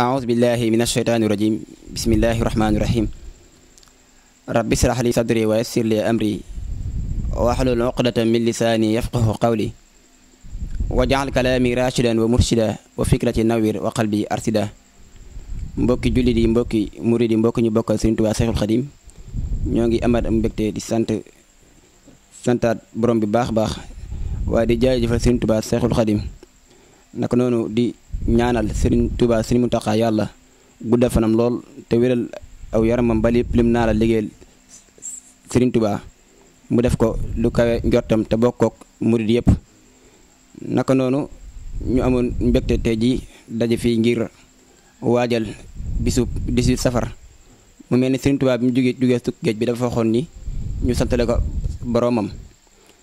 أعوذ بالله من الشيطان الرجيم بسم الله الرحمن الرحيم رب اشرح لي صدري ويسر لي أمري واحلل عقدة من لساني يفقه قولي واجعل كلامي راشدا ومرشدا وفكرتي نوير وقلبي أرشدا مبوكي جلدي مبوكي مريدي مبوكي نبوكي سنتو أسيخ القديم نيونغي أمر مبكتي دي سنت سنت بروم باخ باخ ودي جاي جفل سنتو أسيخ القديم نكنونو دي ñaanal sëriñ Serigne Touba mu Mountakha yàlla guddal fanam lool te wéral aw yaramam bali lépp lim naa la liggéeyal Serigne Touba mu def ko lu kawe njortam te bokkook murit yëpp naka noonu ñu amoon mbégte tey jii daje fii ngir waajal bisu 18 safar mu mel ni Serigne Touba bi mu jugee jugee tukki géej bi dafa waxoon ni ñu santale ko boroomam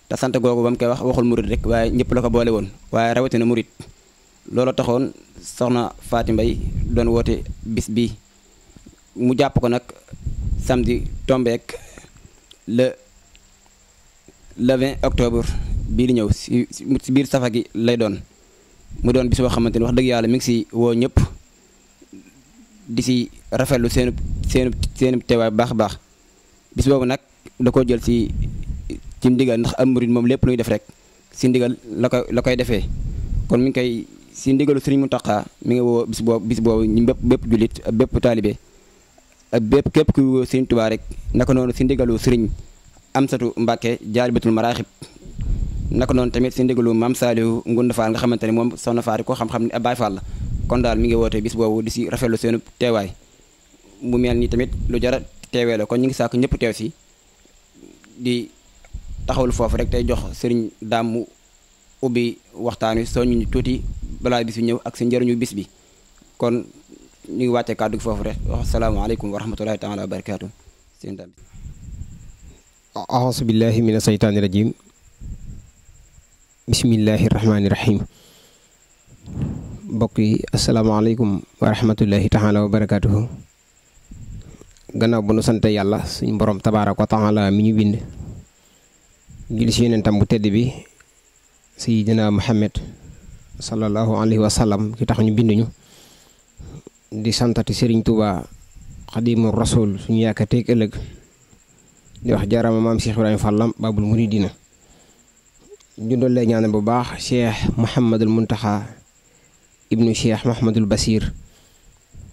te sant googu ba mu koy wax waxul murid rek waaye ñëpp la ko boole woon waaye rawatina murid loola taxoon soxna Faati Mbay doon woote bis bi mu jàpp ko nag samedi tombeek le le 20 octobre bii di ñëw si si biir safa gi lay doon mu doon bis boo xamante ni wax dëgg yàlla mi ngi si woo ñëpp di si rafetlu seen seen seen teewaay bu baax a baax bis boobu nag da koo jël si ci ndigal ndax am murid moom lépp luy def rek si ndigal la koy la koy defee kon mi koy si ndigalu mu Muntaxa mi ngi woo bis boobu bis boobu ñu bépp bépp jullit bépp taalibe ak bépp képp kuy woo Sëriñ Tuubaa rek naka noonu si ndigalu Sëriñ Amsatu Mbàkke Jaalibatul Maraaxib naka noonu tamit si ndigalu Maam Saalihu Ngunda Faal nga xamante ne moom soxna Faal ko xam-xam ne ab Baay Faal la kon daal mi ngi woote bis boobu di si rafetlu seenu teewaay mu mel ni tamit lu jara teewee la kon ñu ngi sàkk ñëpp teew si di taxawul foofu rek tey jox Sëriñ ubbi waxtaan wi soññu tuuti balaa bis bi ñëw ak si njariñu bis bi kon ñu ngi wàcce kàddu gi foofu rek wax salaamaaleykum wa rahmatulahi taala wa barakaatu mbokk yi asalaamaaleykum wa rahmatulahi taala wa barakaatuhu gannaaw bu nu sant yàlla suñu borom tabaaraka wa mi ñu bind julli si yonentam bu tedd bi si sayyidina muhammad sallallahu alaihi wasallam ki tax ñu ñu di santati Serigne Touba qadimur rasul suñu yakate ak ëllëg di wax jaarama Cheikh ibrahim Fallam babul muridina ñu do lay ñaan bu baax Cheikh Mouhamadul muntaha ibnu Cheikh Mouhamadul Basir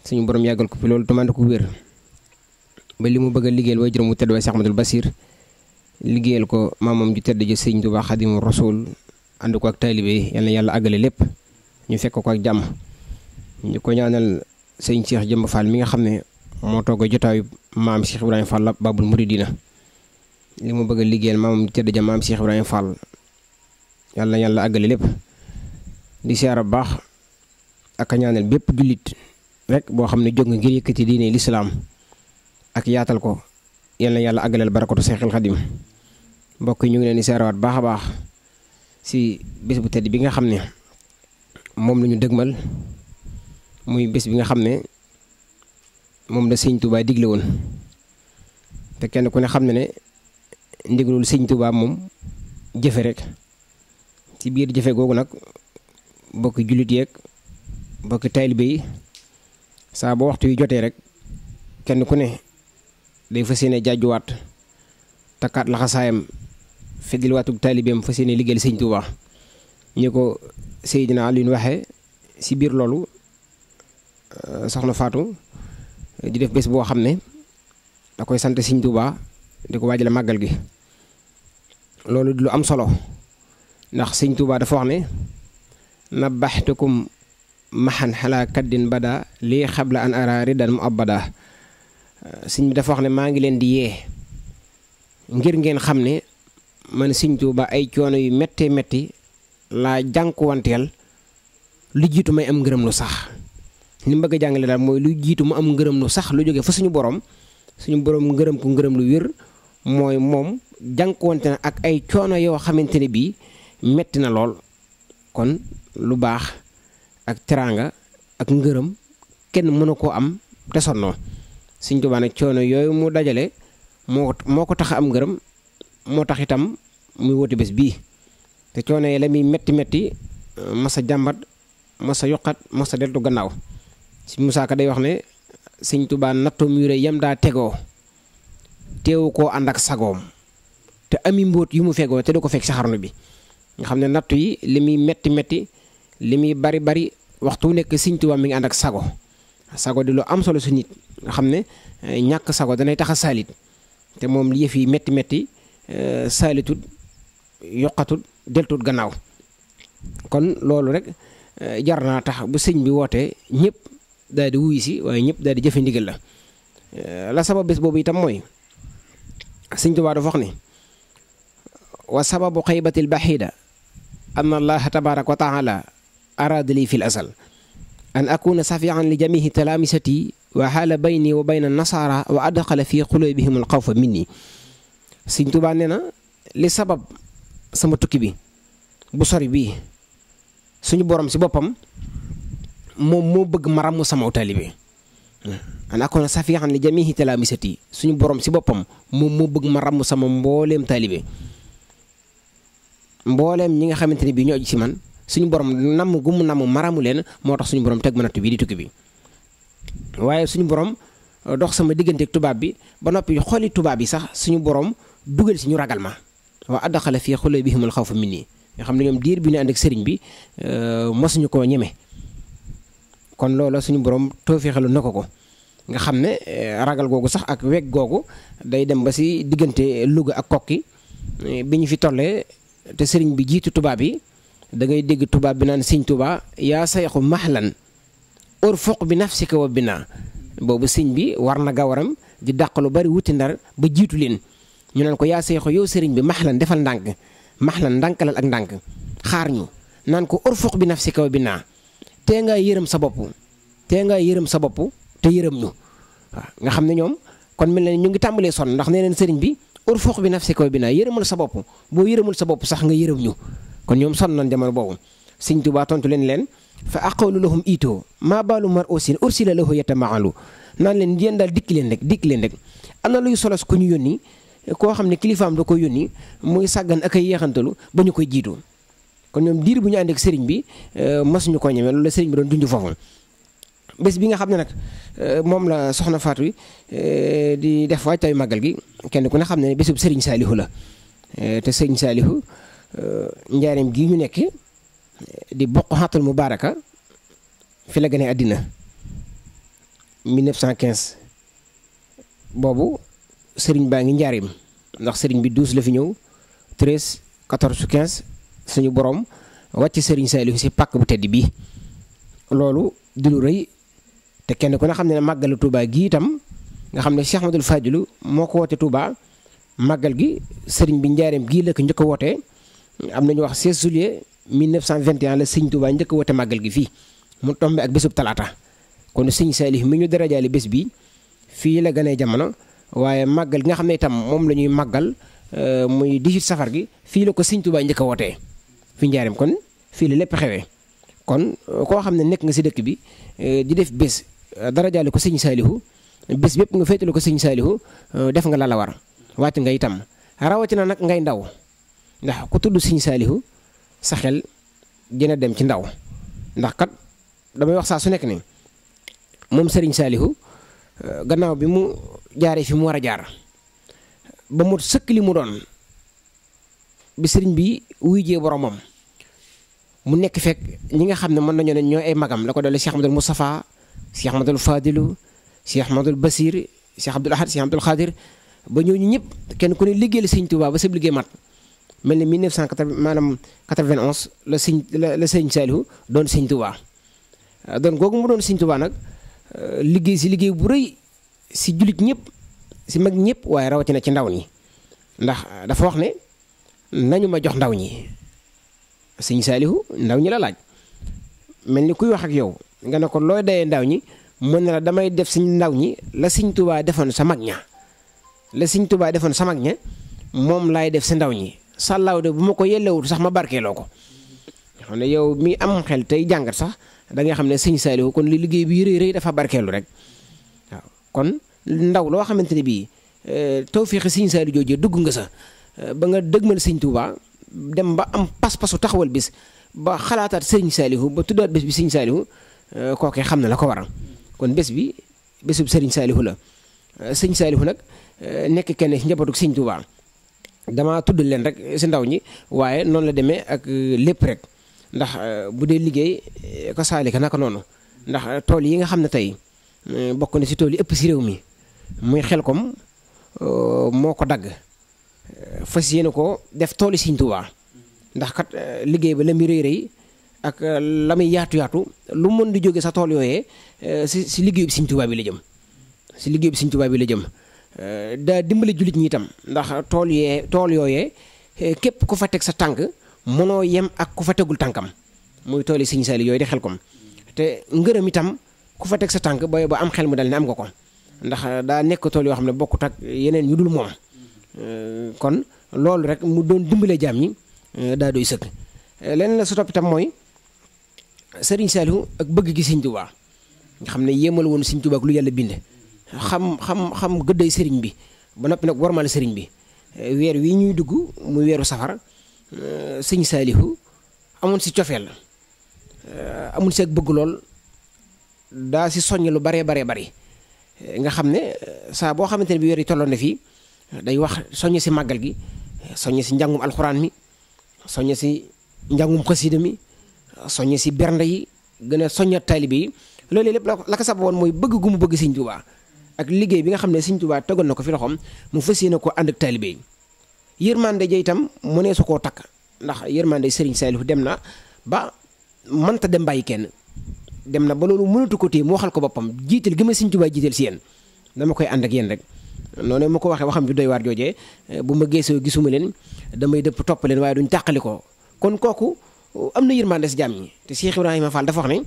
suñu borom yagal ko fi loolu tamand ko wër ba limu mu bëgg a way jërmu mu tedd waay Cheikh Basir liggéeyal ko mamam ju tedd je Serigne Touba qadimur rasul andu ko ak talibé yalla yalla agalé lépp ñu fekk ko ak jàmm ñu ko ñaanal seigne Cheikh jëm Fall mi nga xamné ne togo jotaay maam Cheikh ibrahim Fall Babul Muridina limu bëgg a maam tedd tëdd maam Cheikh ibrahim Fall yalla yalla agalé lépp di siyaara bax ak ñaanal bépp julit rek bo xamné ne nga ngir yëkëti diiné l'islam ak yaatal ko yalla yalla agalé àggaleel barakatu Seexul Xadim mbokk yi ñu ngi leen di wat baax baax. si bés bu tedd bi nga xam ne moom lañu ñu dëgmal muy bés bi nga xam ne moom la sëñ Touba digle woon te kenn ku ne xam ne ne ndigalul sëñ Touba moom jëfe rek ci biir jëfe googu nag bokki jullit yeeg bokki taalibe béy saa boo waxtu yu jotee rek kenn ku ne day fas yéene jaajuwaat takkaat laxasaayam Fidilwatuk taalibeem fas yéene liggéeyal seigne touba ñu ko Seydina Alioune waxe ci bir loolu soxna Fatou di def bes bo xamne da koy sante seigne touba diko magal gi lu am solo ndax seigne touba da wax ne mahan maxan bada li khabla an ara ridan muabada abada bi da wax ne ngi len di ye ngir ngeen xamne man Sëñ Tuuba ay coono yu méttee metti laa jànq wanteel lu jiitu may am ngërëm lu sax ni mu bëgg jàngale daal mooy lu jiitu mu am ngërëm lu sax lu jóge fa suñu borom suñu borom ngërëm ko ngërëm lu wér mooy moom jànkuwante na ak ay coono yoo xamante ne bii metti na lool kon lu baax ak teraanga ak ngërëm kenn mënu koo am te sonnoo Sëñ Tuuba nag coono yooyu mu dajale moo moo ko tax am ngërëm moo tax itam muy woti bes bi te cione la mi metti metti masa jambat masa yokkat masa deltu gannaaw si musa Ka day wax ne seigne touba nattoom yu yam da tego teewu ko andak sagom te ami mbot yu mu te doko fek fekk bi nga xamne ne yi limi metti metti limi bari bari waxtu nek seigne touba mi andak sago sago di lo am solo su nit nga xamne ñak sago da nay taxa salit te mom li yefi metti metti saalitud yoqatul deltut gannaaw kon loolu rek jar naa tax bu sëñ bi wootee ñëpp daal di wuyu si waaye ñëpp daal di jëfe ndigal la la sabab bés boobu itam mooy sëñ Tuubaa dafa wax ni wa sababu xaybatil baxida an allaha tabaraka wa taala araada lii fi l asal an akuna safian li jamihi talaamisati wa xaala bayni wa bayna nasara wa adxala fi qulubihim al xawfa minni Sëñ Tuubaa nee na li sabab sama tukki bi bu sori bi suñu borom ci bopam moom mo bëgg maramu sama talibé an akoona safihan li jamihi talamisati suñu borom ci bopam moom mo bëgg maramu sama mbolem talibé mbolem ñi nga xamanteni bi ñoo ci man suñu borom namu gumu namu maramu len sunyi tax suñu borom tegg ma natt di tukki bi waye suñu borom eh, dox sama ak tubaab bi ba nopi xoli tubaab bi sax suñu borom dugal si ñu ragal ma wa addaxala fii xaw xawfa minni nga xam ne ñoom diir bi ñu ànd ak sëriñ bi euh, mosuñu ko ñeme kon loola suñu borom toofeexalu na ko ko nga xam ne euh, ragal googu sax ak weg googu day dem ba si diggante Louga ak kokki euh, bi ñu fi tollee te sëriñ bi jiitu tubaab yi da ngay dégg tubaab bi naan sëñ tubaab yaa sayxu mahlan foq bi nafsika wa bina boobu sëñ bi war na gawaram di dàq lu bari wuti ndar ba jiitu leen ñu naan ko yaa seexu yow sëriñ bi maxlan defal ndànk lan ndànk ndànkalal ak ndànk xaar ñu naan ko urfuq bi si kaw bi naa tee ngaa yërëm sa bopp tee ngaa yërëm sa bopp te yërëm ñu waaw nga xam ne ñoom kon mel ñu ngi tàmbalee sonn ndax nee sëriñ bi urfuq bi nafsika wa bi naa yërëmul sa bopp boo yërëmul sa bopp sax nga yërëm ñu kon ñoom sonn nañ jamono boobu sëriñ Tuubaa tontu leen leen fa aqawlu lahum iitoo maa baalu mar ausin ursila lahu yatamaalu naan leen yéen daal dikki leen rek dikk leen rek ana luy solos ku ñu yónni koo xam ne kilifaam doo ko yónni muy sàggan ak ay yeexantalu ba ñu koy jiitoo kon ñoom diir bu ñu ànd ak sëriñ bi euh, mas ñu ko ñemee loolu la sëriñ bi doon dundu foofu bés bi nga xam ne nag euh, moom la soxna Fatou euh, di def waaj tay màggal gi kenn ku ne xam ne bésu sëriñ Saalihu la te sëriñ Saalihu njaareem gii ñu nekk di bokk xatul mubaaraka fi la gane àddina 1915 boobu sëriñ baa ngi njaarim ndax sëriñ bi 12 la fi ñëw 13 14 15 suñu borom wàcc sëriñ Saaliw si pàkk bu tedd bi loolu di lu rëy te kenn ku ne xam ne màggalu Touba gii itam nga xam ne Cheikh Ahmadul Fadilu moo ko woote Touba màggal gi sëriñ bi njaarim gii la ko njëkk a wootee am na ñu wax 16 vingt 1921 la sëriñ Touba njëkk a màggal gi fii mu tombe ak bésub talaata kon sëriñ Saaliw mi ñu darajaale bés bi fii la ganee jamono. waaye màggal gi nga xam ne itam moom la ñuy màggal euh, muy 18 safar gi fii la ko Sëñ Tuubaa njëkk a wootee fi njaareem kon fii la lépp xewee kon euh, koo xam ne nekk nga si dëkk bi euh, di def bés dara jaale ko sëñ Saalihu bés bépp nga féetale ko sëñ Saalihu def nga la la war wàcc nga itam rawatina nag ngay ndaw ndax ku tudd sëñ Saalihu sa xel dina dem ci ndaw ndax kat damay wax saa su nekk ni moom sëriñ Saalihu gannaaw bi mu jaaree fi mu war a jaar ba mu sëkk li mu doon bi sëriñ bi wuy jee boromam mu nekk fekk ñi nga xam ne mën nañoo ne ñooy ay magam la ko doole Cheikh Ahmadul Moustapha Cheikh Ahmadul Fadilu Cheikh Ahmadul Basir Cheikh Abdoul Ahad Cheikh Abdoul Khadir ba ñooñu ñëpp kenn ku ne liggéeyal sëñ Touba ba sa liggéey mat mel ni 1980 maanaam 91 la sëñ la la sëñ Saliou doon sëñ Touba doon googu mu doon sëñ Touba nag euh, liggéey si liggéey bu rëy. si jullit ñëpp si mag ñëpp waaye rawatina ci ndaw ñi ndax ah, dafa wax ne nañu ma jox ndaw ñi sëñ saalihu ndaw ñi la laaj mel ni kuy wax ak yow nga ne ko looy dayee ndaw ñi mën na la damay def si ndaw ñi la sëñ tubaa defoon sa mag ña la sëñ tubaa defoon sa ña moom laay def si ndaw ñi sàllaaw de bu ma ko yellewut sax ma barkeeloo ko xam ne yow mi am xel tey jàngat sax da nga xam ne sëñ saalihu kon li liggéey bi rëy rëy dafa barkeelu rek kon ndaw loo xamante ne bii eh, tawféex Sëriñ Saaliw jooju dugg nga sax eh, ba nga dëgmal Sëriñ Tuubaa dem ba am pas-pasu taxawal bis ba xalaataat Sëriñ Saaliw ba tuddaat bés bi Sëriñ Saaliw eh, kookee xam na la ko waral kon bés bi bésub Sëriñ Saaliw la Sëriñ Saaliw nag nekk kenn ci njabootu Sëriñ Tuubaa damaa tudd leen rek si ndaw ñi waaye noonu la demee ak lépp rek ndax bu dee liggéey ko saalika naka noonu ndax tool yi nga xam ne tey Eh, bokk na si tool yi ëpp si réew mi muy xel Xelkom euh, moo ko dagg eh, fas yéene ko def tooli Sëriñ Tuubaa ndax eh, liggéey ba la muy rëy ak la muy yaatu yaatu mën di jóge sa tool yooyee si si liggéey bi Sëriñ Tuubaa bi la jëm si liggéey bi bi la jëm daa dimbale jullit ñi itam ndax tool yee tool yooyee képp ku fa teg sa tànk mënoo yem ak ku fa tegul tànkam muy tooli Sëriñ Saali yooyu di Xelkom te ngërëm itam ku fa teg sa tànk ba ba am xel mu dal ne am nga ko ndax euh, daa nekk tool yoo xam ne bokkut ak yeneen yu dul moom euh, kon loolu rek mu doon dimbale jaam yi euh, daa doy sëkk leneen la su topp mooy Serigne Saliou ak bëgg gi Serigne Touba nga xam ne yéemal woon Serigne Touba ak lu yàlla bind xam xam xam gëdday Serigne bi ba noppi nag warmal Serigne bi weer wii ñuy dugg mu weeru safar Serigne Saliou amoon si cofeel amoon si ak bëgg lool daa si soññ lu baree baree bari nga xam ne saa boo xamante ne bi yori yi tolloon na fii day wax soññ si màggal gi soññ si njàngum alxuraan mi soññ si njàngum xasida mi soññ si bernde yi gën a soññat taalibe yi loolu lépp la ko woon mooy bëgg gu mu bëgg siñ Tuubaa ak liggéey bi nga xam ne Sëñ Tuubaa tegoon na ko fi loxoom mu fës yéene ko ànd ak taalibe yi yërmande ja itam mu nee su ko takk ndax yërmande Sëriñ Saliou dem na ba mënta dem bàyyi kenn dem na ba loolu mënatu ko téye mu waxal ko boppam jiital gi ma Sëñ Tuubaa jiital si yéen dama koy ànd ak yéen rek noonu ma ko waxee waxam bi doy waar joojee eh, bu ma geesoo gisuma leen damay dëpp topp leen waaye duñ tàqali ko kon kooku eh, am na yërmande si jaam ñi te Cheikh Ibrahima Fall dafa wax eh,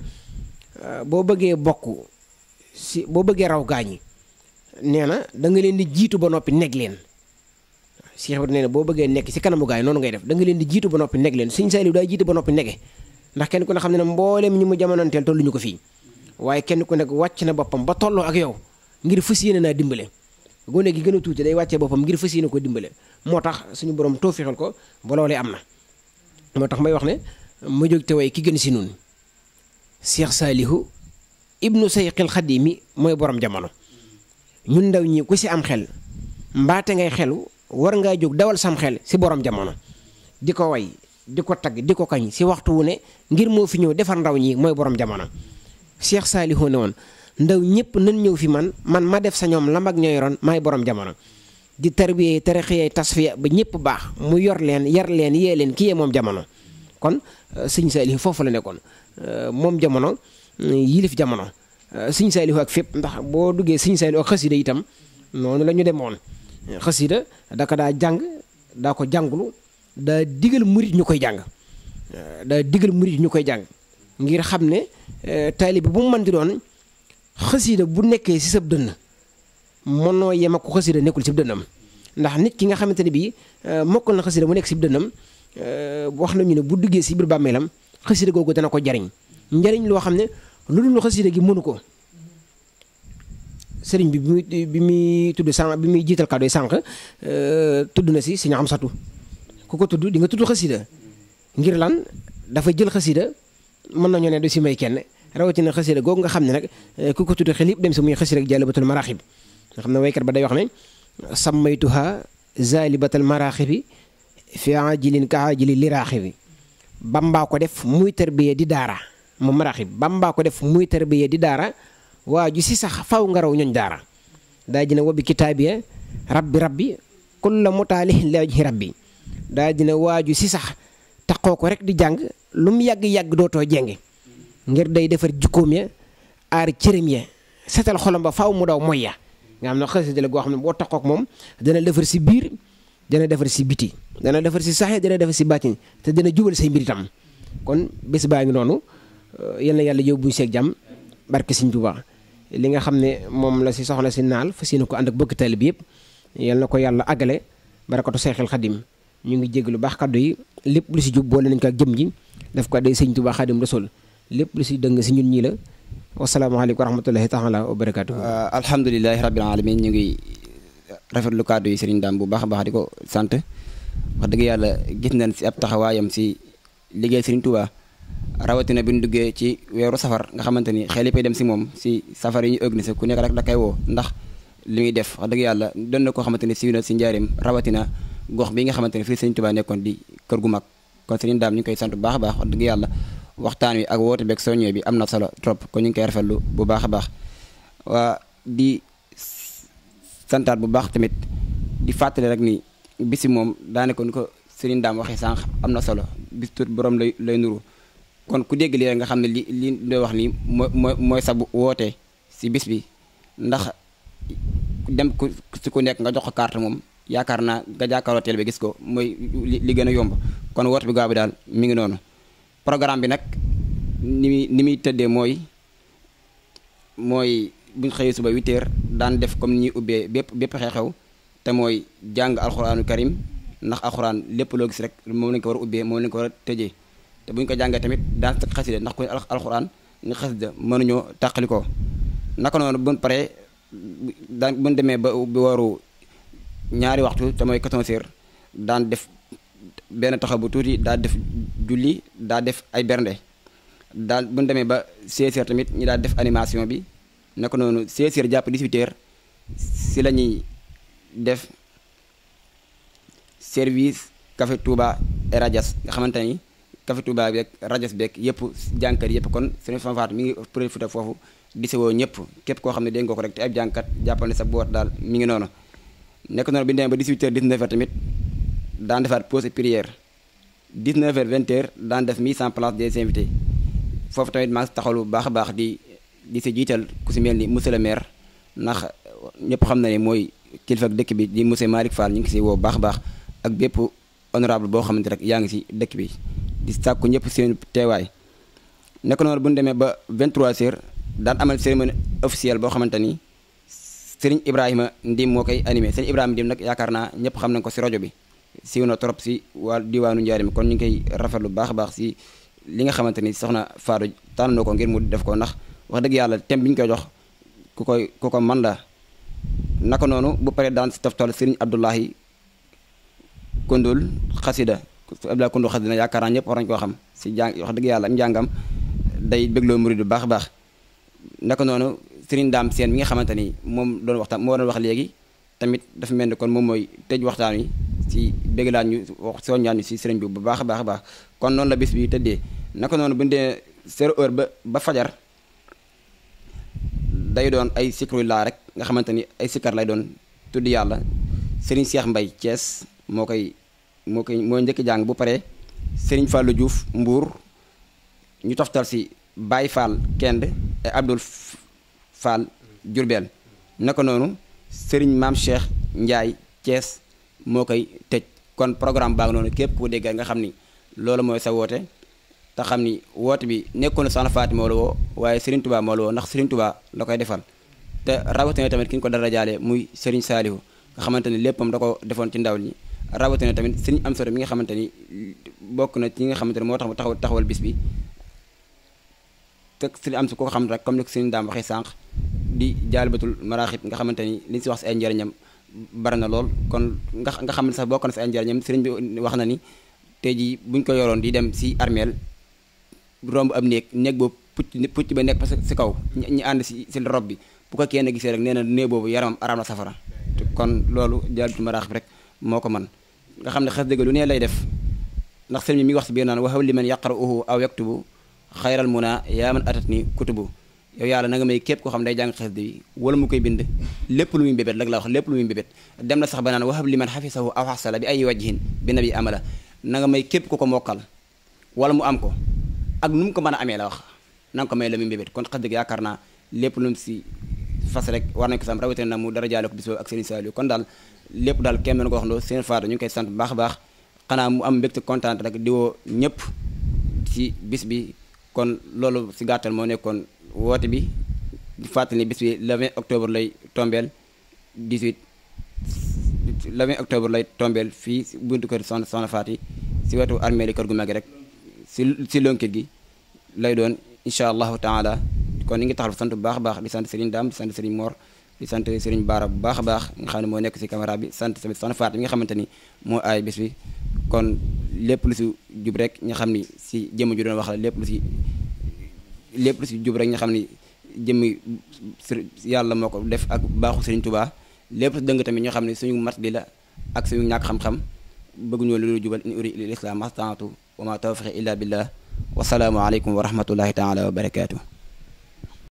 boo bëggee bokk si boo bëggee raw gaañi nee na da nga leen di jiitu ba noppi neg leen Cheikh Ibrahima nee na boo bëggee nekk si kanamu gaañ noonu ngay def da nga leen di jiitu ba noppi neg leen Sëñ Saaliw daa jiitu ba noppi nege ndax kenn ku ne xam ne mboolem ñi mu jamonoonteel tolluñu ko fii waaye kenn ku nekk wàcc na boppam ba tollu ak yow ngir fas yéene naa dimbale gone gi gën a tuuti day wàccee boppam ngir fas yéene ko dimbale moo tax suñu borom toofixal ko ba loolee am na moo tax may wax ne mu jóg te way ki gën si nun cheikh salihu ibnu sayqil xadimi mooy borom jamono ñun ndaw ñi ku si am xel mbaate ngay xelu war ngaa jóg dawal sam xel si borom jamono di ko way di ko tagg di ko kañ si waxtu wu ne ngir moo fi ñëw defar ndaw ñi mooy borom jamono. Cheikh Saliou ne woon ndaw ñëpp nan ñëw fi man man ma def sa ñoom lam ak ñooy ron may borom jamono. di tarbiyee tarixiyee tasfiya ba ñëpp baax mu yor leen yar leen yee leen kii yee moom jamono kon euh, sëñ Saliou foofu la nekkoon euh, moom jamono euh, yilif jamono sëñ Saliou ak fépp ndax boo duggee sëñ Saliou ak xasida itam noonu la ñu demoon xasida da ko daa jàng daa ko jàngulu daa digal murit ñu koy jàng daa digal murit ñu koy jàng ngir xam ne eh, taalibe bu mu mën di doon xasida bu nekkee si sab dënn mënoo yem ak ko xasida nekkul si dënnam ndax nit ki nga xamante ne bii eh, mokkal na xasida mu nekk si dënnam eh, wax nañu ne bu duggee si biir bàmmeelam xasida googu dana ko jariñ njariñ loo xam ne lu dul xasida gi mënu ko sëriñ bi bi muy bi muy tudd sànq bi muy jiital kàddu yi sànq tudd na si si ñu xam satu kuko ko di nga tudd khasida ngir lan fa jël khasida man nañu ne do ci may kenn na khasida gog nga xamni nak kuko eh, ku khalib dem ci muy khasida ak marahib nga xamna way kat ba day wax ne samaytuha zalibatul marahibi fi ajilin ka ajili lirahibi bamba ko def muy tarbiya di dara, mo marahib. Bamba ko def muy tarbiya di dara, waa ju si sax faw nga raw ñooñ dara wabi rabbi rabbi kulla mutalih li wajhi rabbi daa jina ne waaju si sax taxoo ko rek di jàng lu mu yàgg-yàgg dootoo jenge ngir day defar jukkoom ya aar cërëm ya setal xolam ba faaw mu daw moy ya nga xam ne xasida la goo xam ne boo ak moom dana defar si biir dana defar si biti dana defar si saxe dana defar si te dana jubal say mbir itam kon bés baa ngi noonu euh, yalla na yàlla yóbbu seeg jàmm barke Sëñ Tuubaa li nga xamne ne la si soxla si nal fas ko and ak bokki talib yëpp ko yalla agalé barakatu khadim ñu ngi jégg lu baax kaddu yi lépp lu si jub boole nañ ko ak jëm ji daf ko day sëñ xadim Rasul lépp lu si dëng si ñun ñii la wasalaamaaleykum wa rahmatullahi taala wa barakaatu. Euh, alhamdulilahi rabbil alamin ñu ngi rafetlu kaddu yi sëriñ daam bu baax a baax di ko sant wax dëgg yàlla gis nañ si ab taxawaayam si liggéey sëriñ tuba rawatina bi ñu duggee ci weeru safar nga xamante ni xel yi dem si moom si safar yi ñu organisé ku nekk rek da kay woo ndax li def wax dëgg yàlla doon na koo xamante ni siiw si njaarim rawatina gox bi nga xamante ne fii sëriñ Tuubaa nekkoon di kër gu mag kon sëriñ daam ñu koy sant bu baax a baax wax waxtaan wi ak woote beeg soññee bi am na solo trop kon ñu ngi koy rafetlu bu baax a baax waa di santaat bu baax tamit di fàttali rek ni bisi moom daanaka ni ko sëriñ daam waxee sànq am na solo bis tuut borom lay lay nuru kon ku dégg lii rek nga xam ne li lii doy wax nii mooy mooy sa woote si bis bi ndax dem ku si ku nekk nga jox ko carte moom karna ga ja jàkkaarloo teel bi gis ko moy li gëna yomb kon woote bi gaaw dal mi ngi nonu programme bi nak ni ni muy tëddee moy mooy buñ xeyé suba 8h daan def comme ni ubbé bép bép xexew té moy jang alcorane karim ndax alcorane lepp lo gis rek mo lañ ko war ubbé mo moom lañ ko war a té buñ ko jangé tamit daan tak xasida ndax ko alcorane ni nga xasida mënuñoo tàqali naka buñ paré dan buñ ba bi waru ñaari waxtu te mooy 14 heures def benn taxaw bu tuuti daa def julli daa def ay bernde daal bu demee ba 16 tamit ñu daal def animation bi naka noonu 16 jàpp 18 si la ñuy def service café Touba et rajas nga xamante ni café Touba beeg rajas beeg yëpp jànkat yëpp kon seen fanfaat mi ngi profité foofu di sewoo ñëpp képp koo xam ne dégg nga ko rek te ab jànkat jàppal sa boot daal mi ngi noonu. nekk noonu bi ñu demee ba 18 heures 19 heures tamit daan defaat pause et prière 19 heures 20 heures daan def mise en place des invités foofu tamit maa ngi taxawlu baax a baax di di si jiital ku si mel ni monsieur le maire ndax ñëpp xam na ne mooy kilifa dëkk bi di monsieur Malick Fall ñu ngi si woo baax a baax ak bépp honorable boo xamante rek yaa ngi si dëkk bi di sàkku ñëpp seen teewaay nekk noonu bu ñu demee ba 23 heures daan amal cérémonie officielle boo xamante ni. Serigne Ibrahima Ndim moo koy animé Serigne Ibrahima Ndim nag yaakaar naa ñëpp xam nañ ko si rajo bi siiw na trop si waa diwaanu Njaaréem kon ñu ngi rafet lu baax a baax si li nga xamante ni soxna Fatou tànn na ko ngir mu def ko ndax wax dëgg yàlla thème bi ñu koy jox ku koy ku man la naka noonu bu paree daan si toftal Serigne Abdoulahi Koundoul xasida Abdoulahi Koundoul xasida yaakaar naa ñëpp war koo xam si jàng wax dëgg yàlla njàngam day bégloo murid bu baax a baax naka noonu Serigne Dame Sène mi nga xamante ni moom doon waxtaan moo doon wax léegi tamit dafa mel ni kon moom mooy tëj waxtaan wi si dégg laa ñu wax soññaan ñu ci sëriñ bu baax baax baax kon noonu la bis bi tëddee naka noonu bu dee zéro heure ba ba fajar day doon ay sikru rek nga xamante ni ay sikkar lay doon tudd yàlla Serigne Cheikh mbay Thiès moo koy moo koy moo njëkk jàng bu pare Serigne Fallou Diouf mbuur ñu toftal si Baye Fall Kend et Abdoul Fall Jurbel naka noonu sëriñ maam Cheikh Ndiaye Thiès moo koy tëj kon programme baa noonu képp ku déggal nga xam ni loolu mooy sa woote te xam ni woote bi nekkoon na soxna moo la woo waaye sëriñ Touba moo ndax sëriñ Touba koy defal te rawatina tamit ki ñu ko dara jaale muy sëriñ Saalihu nga xamante ni léppam da ko defoon ci ndaw ñi rawatina tamit sëriñ am solo mi nga xamante ni bokk na ci ñi nga xamante ni moo tax taxawal bis bi tek si am si ko xam rek comme nek ko ndam daam waxee di di jaalibatul betul nga xamante ni li ni si wax si ay njëriñam bari na lool kon nga nga xam ne sax bokk na ay njëriñam sëriñ bi na ni tey ji buñ ko yoron di dem si armel romb ab néeg nek boobu pucc pucc ba nek parce que si kaw ñi ànd si sil rob bi bu ko kenn gisee rek nee na néeg boobu yaramam na safara kon loolu jaalibatul maraaxib rek moo ko mën nga xam ne xas lu ne lay def ndax sëriñ mi wax si biir naan waxaw li man yaqra'uhu aw yaktubu xayral muna yaa man atat ni kutubu yow yàlla na nga may képp koo xam day jàng xasida bi wala mu koy bind lépp lu muy bébét lag la wax lépp lu muy bébét dem na sax ba naan wahab li man xafisahu aw xasala bi ay wajhin bi nabi amala na nga may képp ku ko mokkal wala mu am ko ak nu mu ko mën a amee la wax na ko may la muy bébét kon xasida gi yaakaar naa lépp lu mu si fas rek war nañ ko sam rawatina mu dara jaale ko bis ak kon daal lépp daal kenn mën ko wax ndoo seen faatu ñu ngi koy sant bu baax a baax xanaa mu kontaan rek di woo ñëpp ci bis bi kon loolu si gàttal moo nekkoon woote bi di fàttali bis bi le 20 octobre lay tombel 18 le 20 octobre lay tombel fii si buntu kër Soxna Soxna Faty si wetu armée li kër gu mag rek si si lonkit gi lay doon incha allahu taala kon ni ngi taxal sant bu baax a baax di sant Serigne Dame di sant Serigne Mor di sant Serigne Bara bu baax a baax nga xam ne moo nekk si caméra bi sant tamit soxna Faat bi nga xamante ni moo aay bés bi kon lépp lu si jub rek nga xam ni si ju doon wax la lépp lu si lépp lu si jub rek nga xam ni yàlla moo def ak baaxu Serigne Touba lépp lu tamit ñoo xam suñu mat bi la ak suñu ñàkk xam-xam bëgguñoo loolu jubal in uri lil islam mastaatu wa ma tawfiqi illa billah wasalaamu aleykum wa rahmatullahi taala wa barakaatu